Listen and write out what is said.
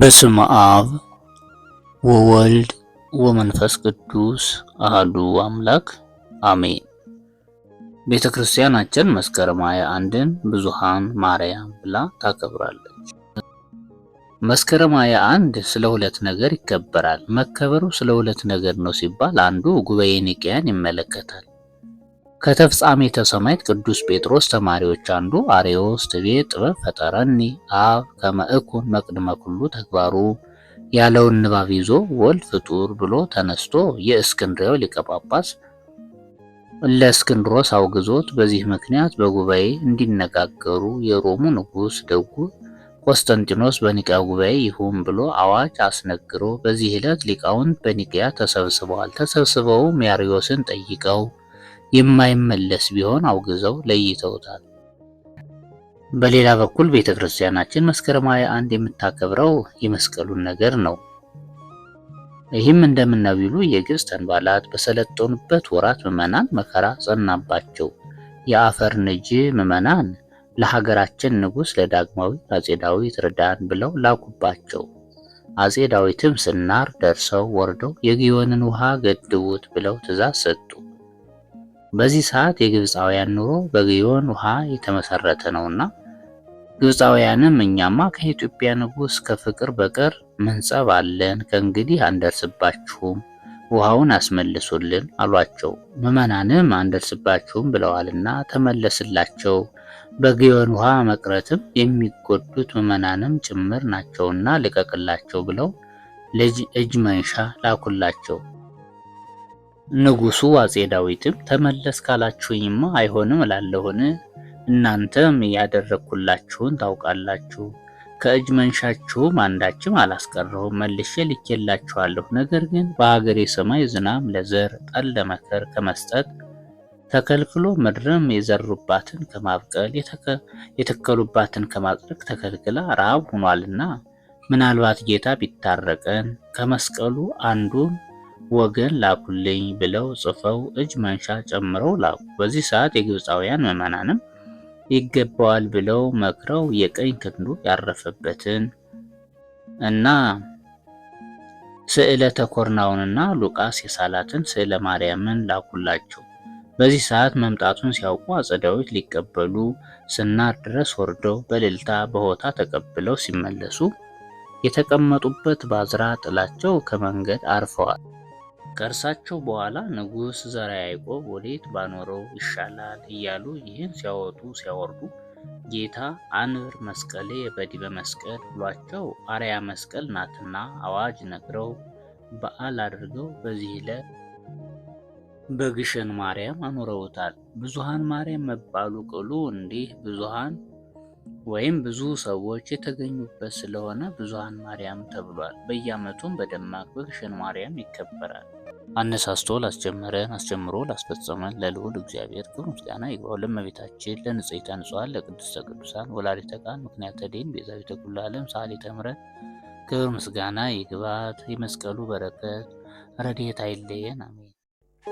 በስም አብ ወወልድ ወመንፈስ ቅዱስ አህዱ አምላክ አሜን። ቤተ ክርስቲያናችን መስከረም ሃያ አንድን ብዙሃን ማርያም ብላ ታከብራለች። መስከረም ሃያ አንድ ስለ ሁለት ነገር ይከበራል። መከበሩ ስለ ሁለት ነገር ነው ሲባል አንዱ ጉባኤ ኒቅያን ይመለከታል። ከተፍጻሜተ ሰማዕት ቅዱስ ጴጥሮስ ተማሪዎች አንዱ አርዮስ ትቤ ጥበብ ፈጠረኒ አብ ከመእኩን መቅድመ ኩሉ ተግባሩ ያለውን ንባብ ይዞ ወልድ ፍጡር ብሎ ተነስቶ የእስክንድርያው ሊቀ ጳጳስ ለእስክንድሮስ አውግዞት በዚህ ምክንያት በጉባኤ እንዲነጋገሩ የሮሙ ንጉሥ ደጉ ቆስጠንጢኖስ በኒቅያ ጉባኤ ይሁን ብሎ አዋጅ አስነግሮ በዚህ ዕለት ሊቃውንት በኒቅያ ተሰብስበዋል። ተሰብስበውም ያርዮስን ጠይቀው የማይመለስ ቢሆን አውግዘው ለይተውታል። በሌላ በኩል ቤተ ክርስቲያናችን መስከረም 21 የምታከብረው የመስቀሉን ነገር ነው። ይህም እንደምናው እንደምናቢሉ የግብፅ ተንባላት በሰለጠኑበት ወራት ምዕመናን መከራ ጸናባቸው። የአፈር ንጅ ምዕመናን ለሀገራችን ንጉሥ ለዳግማዊ አጼ ዳዊት ርዳን ብለው ላኩባቸው። አጼ ዳዊትም ስናር ደርሰው ወርደው የግዮንን ውሃ ገድቡት ብለው ትእዛዝ ሰጡ። በዚህ ሰዓት የግብፃውያን ኑሮ በግዮን ውሃ የተመሰረተ ነውና ግብፃውያንም እኛማ ከኢትዮጵያ ንጉሥ ከፍቅር በቀር ምንጸብ አለን፣ ከእንግዲህ አንደርስባችሁም፣ ውሃውን አስመልሱልን አሏቸው። ምዕመናንም አንደርስባችሁም ብለዋልና ተመለስላቸው። በግዮን ውሃ መቅረትም የሚጎዱት ምዕመናንም ጭምር ናቸውና ልቀቅላቸው ብለው እጅ መንሻ ላኩላቸው። ንጉሱ አጼ ዳዊትም ተመለስ ካላችሁኝማ አይሆንም እላለሁን? እናንተም ያደረግኩላችሁን ታውቃላችሁ። ከእጅ መንሻችሁም አንዳችም አላስቀረሁም መልሼ ልኬላችኋለሁ። ነገር ግን በሀገሬ ሰማይ ዝናም ለዘር ጠል ለመከር ከመስጠት ተከልክሎ ምድርም የዘሩባትን ከማብቀል የተከሉባትን ከማጽደቅ ተከልክላ ረሃብ ሆኗልና ምናልባት ጌታ ቢታረቀን ከመስቀሉ አንዱን ወገን ላኩልኝ ብለው ጽፈው እጅ መንሻ ጨምረው ላኩ። በዚህ ሰዓት የግብፃውያን ምዕመናንም ይገባዋል ብለው መክረው የቀኝ ክንዱ ያረፈበትን እና ስዕለ ተኮርናውንና ሉቃስ የሳላትን ስዕለ ማርያምን ላኩላቸው። በዚህ ሰዓት መምጣቱን ሲያውቁ አጸዳዊት ሊቀበሉ ስናር ድረስ ወርደው በልልታ በሆታ ተቀብለው ሲመለሱ የተቀመጡበት ባዝራ ጥላቸው ከመንገድ አርፈዋል። ከእርሳቸው በኋላ ንጉሥ ዘርዓ ያዕቆብ ወዴት ባኖረው ይሻላል እያሉ ይህን ሲያወጡ ሲያወርዱ ጌታ አንብር መስቀሌ በዲበ መስቀል ብሏቸው አርያ መስቀል ናትና አዋጅ ነግረው በዓል አድርገው በዚህ ዕለት በግሸን ማርያም አኖረውታል። ብዙሃን ማርያም መባሉ ቅሉ እንዲህ ብዙሃን ወይም ብዙ ሰዎች የተገኙበት ስለሆነ ብዙሃን ማርያም ተብሏል። በየዓመቱም በደማቅ በግሸን ማርያም ይከበራል። አነሳስቶ ላስጀመረን አስጀምሮ ላስፈጸመን ለልዑል እግዚአብሔር ክብር ምስጋና ይግባው። ለእመቤታችን ለንጽሕተ ንጹሐን ለቅድስተ ቅዱሳን ወላዲተ ቃል ምክንያተ ድኅነት ቤዛዊተ ኩሉ ዓለም ሰዓሊተ ምሕረት ክብር ምስጋና ይግባት። የመስቀሉ በረከት ረድኤት አይለየን። አሜን።